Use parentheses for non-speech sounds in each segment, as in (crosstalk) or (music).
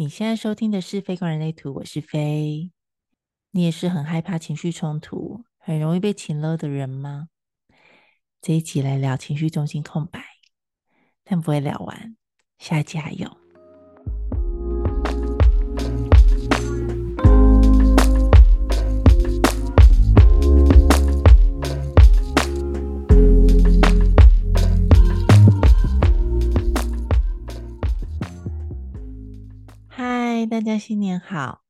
你現在收聽的是《Faye 觀人類圖》，我是 Faye。你也是很害怕情緒衝突、很容易被情勒的人嗎？這一集來聊情緒中心空白，但不會聊完，下一集還有。大家新年好！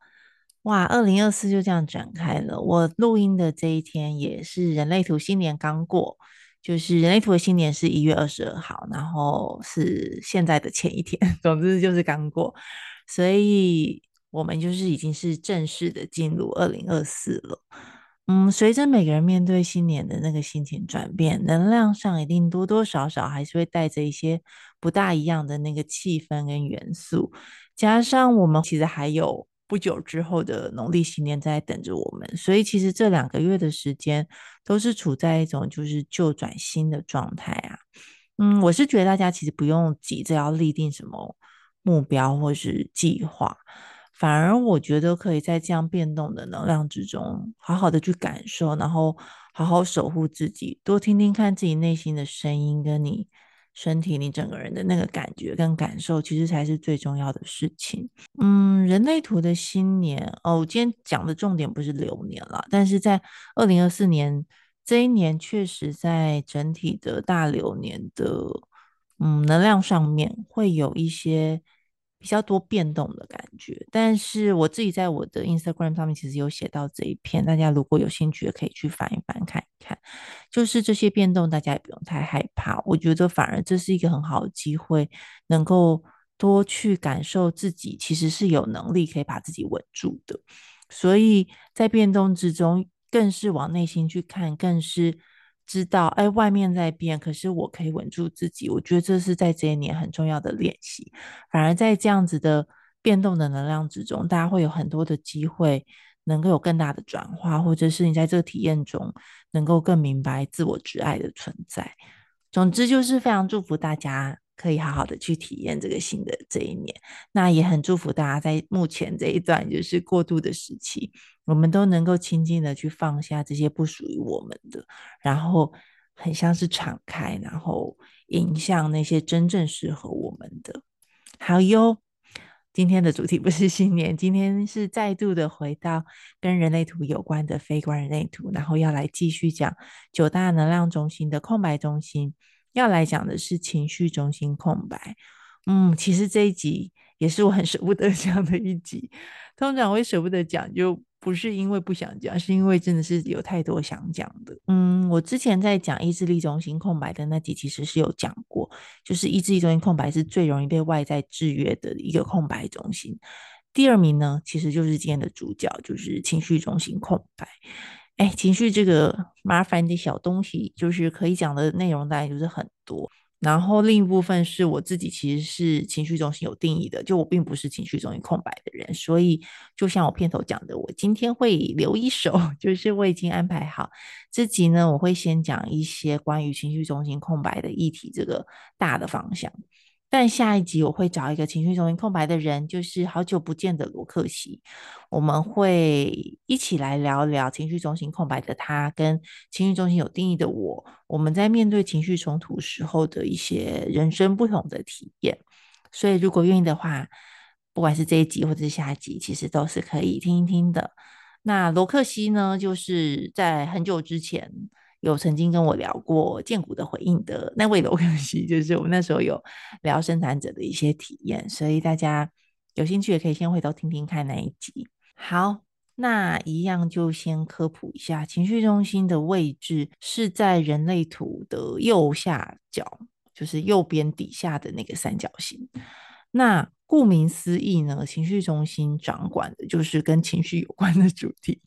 哇，二零二四就這樣展開了。我錄音的這一天也是人類圖新年剛過，就是人類圖的新年是一月二十二號，然後是現在的前一天。總之就是剛過，所以我們就是已經是正式的進入二零二四了。嗯，隨着每個人面對新年的那個心情轉變，能量上一定多多少少還是會帶着一些不大一樣的那個氣氛跟元素。加上我們其實還有不久之後的農曆新年在等着我們，所以其實這兩個月的時間都是處在一種就是舊轉新的狀態啊。嗯，我是覺得大家其實不用急着要立定什麼目標或是計劃。反而我覺得可以在這樣變動的能量之中，好好的去感受，然後好好守護自己，多聽聽看自己內心的聲音，跟你身體、你整個人的那個感覺跟感受，其實才是最重要的事情。嗯，人類圖的新年哦，我今天講的重點不是流年了，但是在2024年，這一年，確實在整體的大流年的，嗯，能量上面會有一些。比較多變動的感覺，但是我自己在我的 Instagram 上面其實有寫到這一篇，大家如果有興趣也可以去翻一翻看一看。就是這些變動，大家也不用太害怕，我覺得反而這是一個很好的機會，能夠多去感受自己其實是有能力可以把自己穩住的。所以在變動之中，更是往內心去看，更是。知道，哎、欸，外面在變，可是我可以穩住自己。我覺得這是在這一年很重要的練習。反而在這樣子的變動的能量之中，大家會有很多的機會，能夠有更大的轉化，或者是你在這個體驗中能夠更明白自我之愛的存在。總之，就是非常祝福大家。可以好好的去體驗這個新的這一年，那也很祝福大家在目前這一段就是過渡的時期，我們都能夠輕輕的去放下這些不屬於我們的，然後很像是敞開，然後迎向那些真正適合我們的。好喲，今天的主題不是新年，今天是再度的回到跟人類圖有關的 Faye 觀人類圖，然後要來繼續講九大能量中心的空白中心。要來講的是情緒中心空白，嗯，其實這一集也是我很舍不得講的一集。通常我也舍不得講，就不是因為不想講，是因為真的是有太多想講的。嗯，我之前在講意志力中心空白的那集，其實是有講過，就是意志力中心空白是最容易被外在制約的一個空白中心。第二名呢，其實就是今天的主角，就是情緒中心空白。哎，情緒這個麻煩的小東西，就是可以講的內容，大概就是很多。然後另一部分是我自己，其實是情緒中心有定義的，就我並不是情緒中心空白的人。所以，就像我片頭講的，我今天會留一手，就是我已經安排好這集呢，我會先講一些關於情緒中心空白的議題，這個大的方向。但下一集我會找一個情緒中心空白的人，就是好久不見的羅克西，我們會一起來聊聊情緒中心空白的他跟情緒中心有定義的我，我們在面對情緒衝突時候的一些人生不同的體驗。所以如果願意的話，不管是這一集或者是下一集，其實都是可以聽一聽的。那羅克西呢，就是在很久之前。有曾經跟我聊過薦骨的回應的那位羅克西，就是我們那時候有聊生產者的一些體驗，所以大家有興趣也可以先回頭聽聽看那一集。好，那一樣就先科普一下，情緒中心的位置是在人類圖的右下角，就是右邊底下的那個三角形。那顧名思義呢，情緒中心掌管的就是跟情緒有關的主題。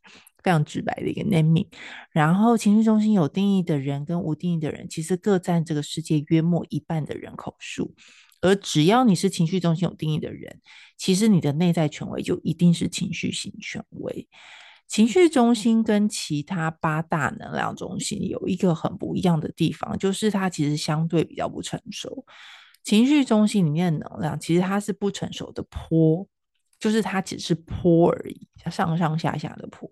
非常直白的一個 name。然後，情緒中心有定義的人跟無定義的人，其實各占這個世界約莫一半的人口數。而只要你是情緒中心有定義的人，其實你的內在權威就一定是情緒型權威。情緒中心跟其他八大能量中心有一個很不一樣的地方，就是它其實相對比較不成熟。情緒中心裡面的能量，其實它是不成熟的波。就是它只是坡而已，上上下下的坡。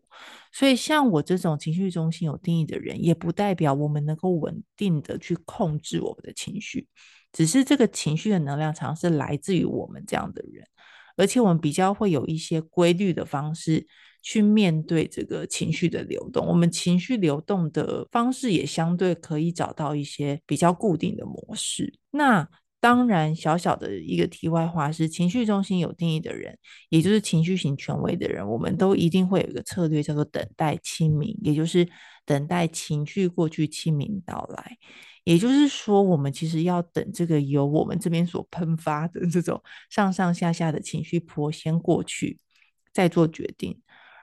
所以像我這種情緒中心有定義的人，也不代表我們能夠穩定的去控制我們的情緒，只是這個情緒的能量場是來自於我們這樣的人，而且我們比較會有一些規律的方式去面對這個情緒的流動。我們情緒流動的方式也相對可以找到一些比較固定的模式。那。當然，小小的一個題外話是，情緒中心有定義的人，也就是情緒型權威的人，我們都一定會有一個策略，叫做等待清明，也就是等待情緒過去，清明到來。也就是說，我們其實要等這個由我們這邊所噴發的這種上上下下的情緒波先過去，再做決定。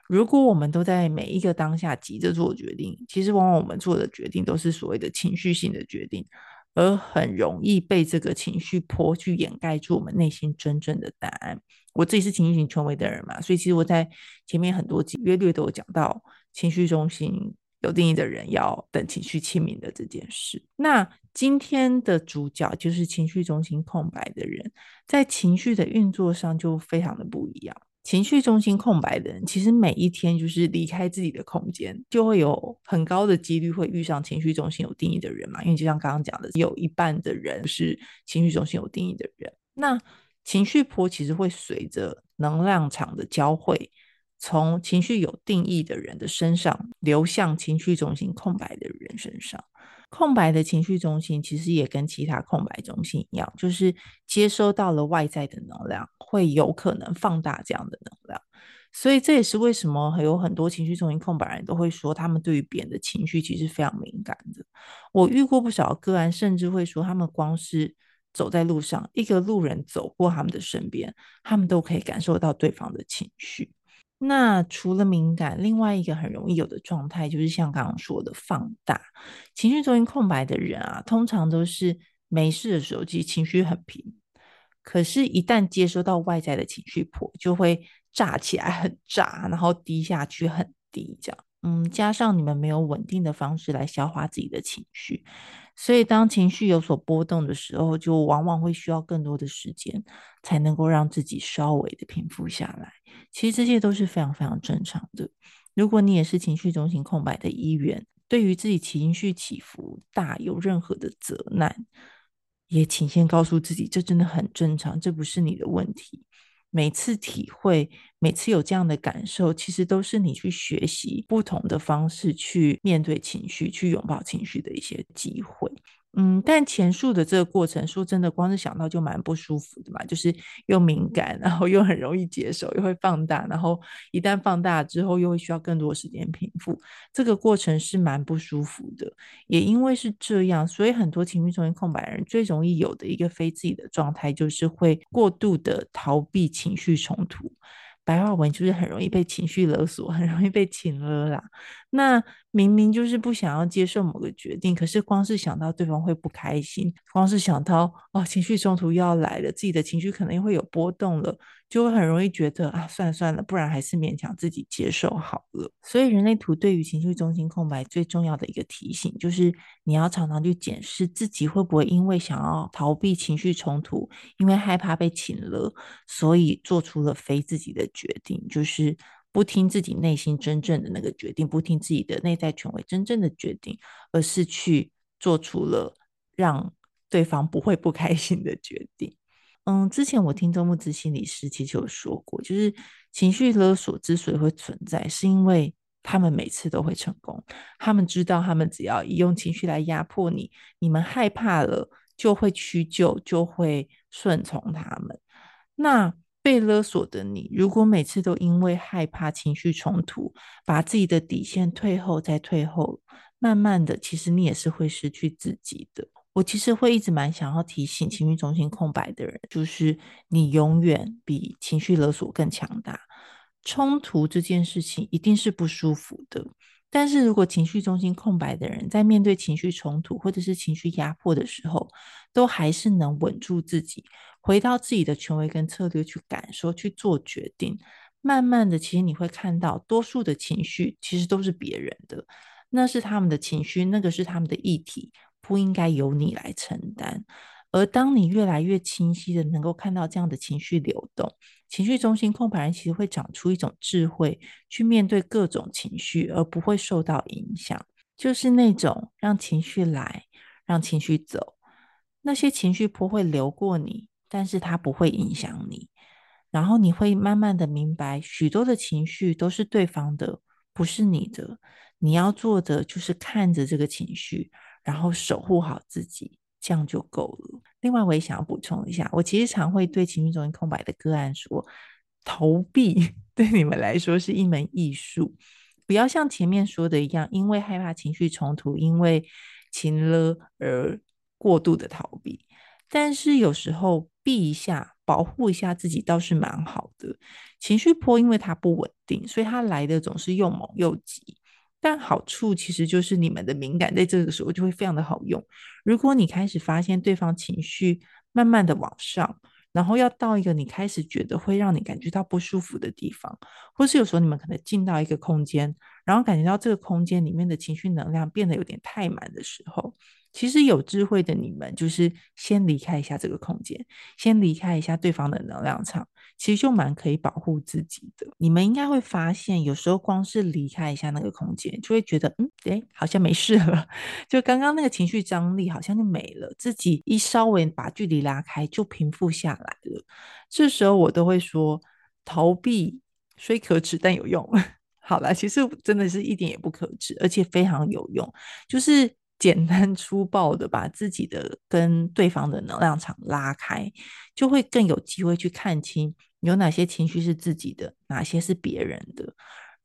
如果我們都在每一個當下急着做決定，其實往往我們做的決定都是所謂的情緒性的決定。而很容易被這個情緒波去掩蓋住我們內心真正的答案。我自己是情緒型權威的人嘛，所以其實我在前面很多集約略、略都有講到情緒中心有定義的人要等情緒清明的這件事。那今天的主角就是情緒中心空白的人，在情緒的運作上就非常的不一樣。情緒中心空白的人，其實每一天就是離開自己的空間，就會有很高的幾率會遇上情緒中心有定義的人嘛。因為就像剛剛講的，有一半的人是情緒中心有定義的人，那情緒波其實會隨着能量場的交匯，從情緒有定義的人的身上流向情緒中心空白的人身上。空白的情緒中心其實也跟其他空白中心一樣，就是接收到了外在的能量，會有可能放大這樣的能量，所以這也是為什麼有很多情緒中心空白人都會說，他們對於別人的情緒其實非常敏感的。我遇過不少個案，甚至會說他們光是走在路上，一個路人走過他們的身邊，他們都可以感受到對方的情緒。那除了敏感，另外一個很容易有的狀態就是像剛剛說的放大情緒中心空白的人啊，通常都是沒事的時候，其實情緒很平，可是，一旦接收到外在的情緒波，就會炸起來很炸，然後低下去很低，這樣。嗯，加上你們沒有穩定的方式來消化自己的情緒，所以當情緒有所波動的時候，就往往會需要更多的時間才能夠讓自己稍微的平復下來。其實這些都是非常非常正常的。如果你也是情緒中心空白的一員，對於自己情緒起伏大有任何的責難，也請先告訴自己，這真的很正常，這不是你的問題。每次體會，每次有這樣的感受，其實都是你去學習不同的方式去面對情緒、去擁抱情緒的一些機會。嗯，但前述的這個過程，說真的，光是想到就蠻不舒服的嘛。就是又敏感，然後又很容易接受，又會放大，然後一旦放大之後，又會需要更多時間平復。這個過程是蠻不舒服的。也因為是這樣，所以很多情緒中心空白人最容易有的一個非自己的狀態，就是會過度的逃避情緒衝突。白話文就是很容易被情緒勒索，很容易被情勒啦。那。明明就是不想要接受某個決定，可是光是想到對方會不開心，光是想到哦情緒衝突要來了，自己的情緒可能又會有波動了，就會很容易覺得啊算算了，不然還是勉強自己接受好了。所以人類圖對於情緒中心空白最重要的一個提醒，就是你要常常去檢視自己會不會因為想要逃避情緒衝突，因為害怕被情勒了，所以做出了非自己的決定，就是。不聽自己內心真正的那個決定，不聽自己的內在權威真正的決定，而是去做出了讓對方不會不開心的決定。嗯，之前我聽周慕姿心理師其實有說過，就是情緒勒索之所以會存在，是因為他們每次都會成功，他們知道他們只要一用情緒來壓迫你，你們害怕了就會屈就，就會順從他們。那被勒索的你，如果每次都因為害怕情緒衝突，把自己的底線退後，再退後，慢慢的，其實你也是會失去自己的。我其實會一直蠻想要提醒情緒中心空白的人，就是你永遠比情緒勒索更強大。衝突這件事情一定是不舒服的。但是如果情緒中心空白的人，在面對情緒衝突或者是情緒壓迫的時候，都還是能穩住自己，回到自己的權威跟策略去感受、去做決定。慢慢的，其實你會看到，多數的情緒其實都是別人的，那是他們的情緒，那個是他們的議題，不應該由你來承擔。而當你越來越清晰的能夠看到這樣的情緒流動，情緒中心空白人其實會長出一種智慧，去面對各種情緒，而不會受到影響。就是那種讓情緒來，讓情緒走，那些情緒波會流過你，但是它不會影響你。然後你會慢慢的明白，許多的情緒都是對方的，不是你的。你要做的就是看着這個情緒，然後守護好自己。這樣就夠了。另外，我也想要補充一下，我其實常會對情緒中心空白的個案說：“逃避對你們來說是一門藝術，不要像前面說的一樣，因為害怕情緒衝突，因為情勒而過度的逃避。但是有時候避一下，保護一下自己倒是蠻好的。情緒波因為它不穩定，所以它來的總是又猛又急。”但好處其實就是你們的敏感，在這個時候就會非常的好用。如果你開始發現對方情緒慢慢的往上，然後要到一個你開始覺得會讓你感覺到不舒服的地方，或是有時候你們可能進到一個空間，然後感覺到這個空間裡面的情緒能量變得有點太滿的時候，其實有智慧的你們就是先離開一下這個空間，先離開一下對方的能量場。其實就蠻可以保護自己的。你們應該會發現，有時候光是離開一下那個空間，就會覺得，嗯，誒，好像沒事了。就剛剛那個情緒張力好像就沒了，自己一稍微把距離拉開，就平復下來了。這時候我都會說，逃避雖可恥，但有用。 (laughs) 好啦，其實真的是一點也不可恥，而且非常有用。就是簡單粗暴的把自己的跟對方的能量場拉開，就會更有機會去看清。有哪些情緒是自己的，哪些是別人的？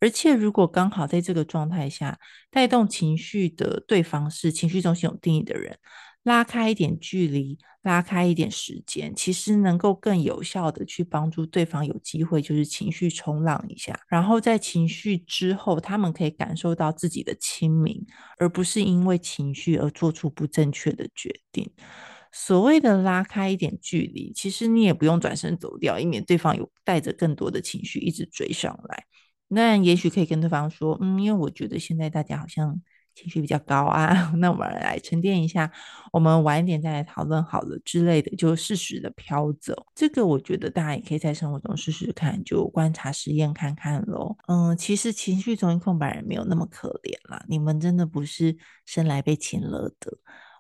而且，如果剛好在這個狀態下，帶動情緒的對方是情緒中心有定義的人，拉開一點距離，拉開一點時間，其實能夠更有效地去幫助對方有機會，就是情緒衝浪一下，然後在情緒之後，他們可以感受到自己的清明，而不是因為情緒而做出不正確的決定。所謂的拉開一點距離，其實你也不用轉身走掉，以免對方有帶着更多的情緒一直追上來。那也許可以跟對方說，嗯，因為我覺得現在大家好像情緒比較高啊，那我們來沉澱一下，我們晚一點再來討論好了之類的，就適時的飄走。這個我覺得大家也可以在生活中試試看，就觀察實驗看看咯。嗯，其實情緒中心空白人沒有那麼可憐啦，你們真的不是生來被情勒的。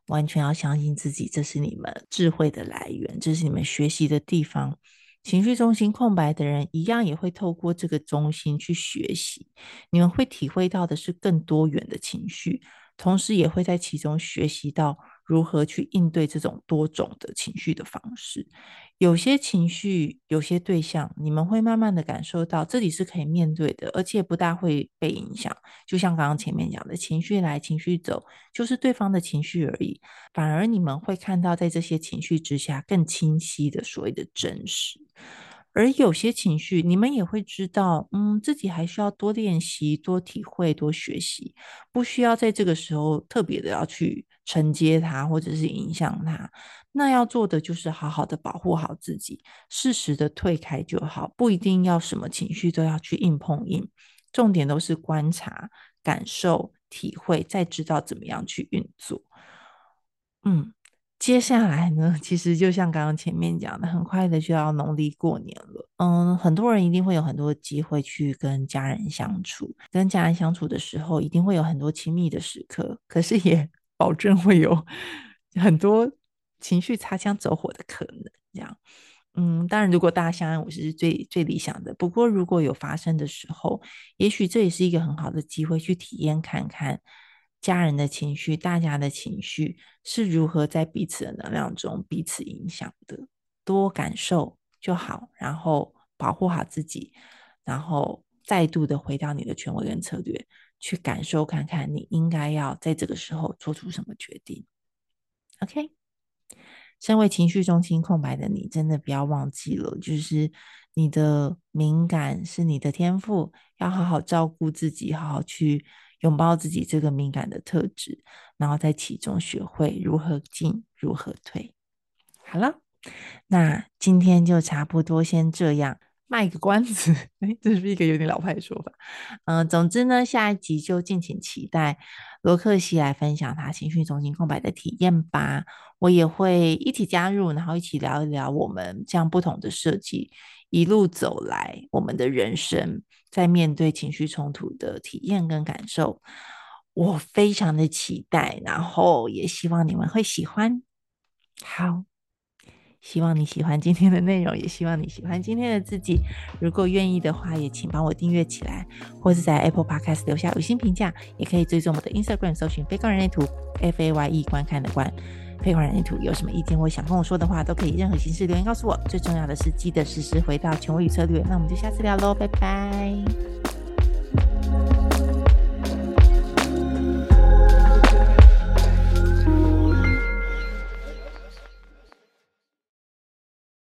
完全要相信自己，這是你們智慧的來源，這是你們學習的地方。情緒中心空白的人，一樣也會透過這個中心去學習。你們會體會到的是更多元的情緒，同時也會在其中學習到。如何去應對這種多種的情緒的方式？有些情緒，有些對象，你們會慢慢的感受到，這裡是可以面對的，而且不大會被影響。就像剛剛前面講的，情緒來，情緒走，就是對方的情緒而已。反而你們會看到，在這些情緒之下，更清晰的所謂的真實。而有些情緒，你們也會知道，嗯，自己還需要多練習、多體會、多學習，不需要在這個時候特別的要去承接它或者是影響它。那要做的就是好好的保護好自己，適時的退開就好，不一定要什麼情緒都要去硬碰硬。重點都是觀察、感受、體會，再知道怎麼樣去運作。嗯。接下來呢，其實就像剛剛前面講的，很快的就要農曆過年了。嗯，很多人一定會有很多機會去跟家人相處，跟家人相處的時候，一定會有很多親密的時刻。可是也保證會有很多情緒擦槍走火的可能。這樣，嗯，當然如果大家相安無事是最最理想的。不過如果有發生的時候，也許這也是一個很好的機會去體驗看看。家人的情緒，大家的情緒是如何在彼此的能量中彼此影響的？多感受就好，然後保護好自己，然後再度的回到你的權威跟策略，去感受看看，你應該要在這個時候做出什麼決定。OK，身為情緒中心空白的你，真的不要忘記了，就是你的敏感是你的天賦，要好好照顧自己，好好去。擁抱自己這個敏感的特質，然後在其中學會如何進，如何退。好了，那今天就差不多先這樣，賣個關子。哎，這是一個有點老派的說法。嗯、呃，總之呢，下一集就敬請期待羅克西來分享他情緒中心空白的體驗吧。我也會一起加入，然後一起聊一聊我們這樣不同的設計。一路走來，我們的人生在面對情緒衝突的體驗跟感受，我非常的期待，然後也希望你們會喜歡。好。希望你喜歡今天的內容，也希望你喜歡今天的自己。如果願意的話，也請幫我訂閱起來，或者在 Apple Podcast 留下五星評價。也可以追蹤我們的 Instagram，搜尋 Faye 觀人類圖 F A Y E 觀看的觀 Faye 觀人類圖。有什麼意見或想跟我說的話，都可以任何形式留言告訴我。最重要的是，記得時時回到權威與策略。那我們就下次聊嘍，拜拜。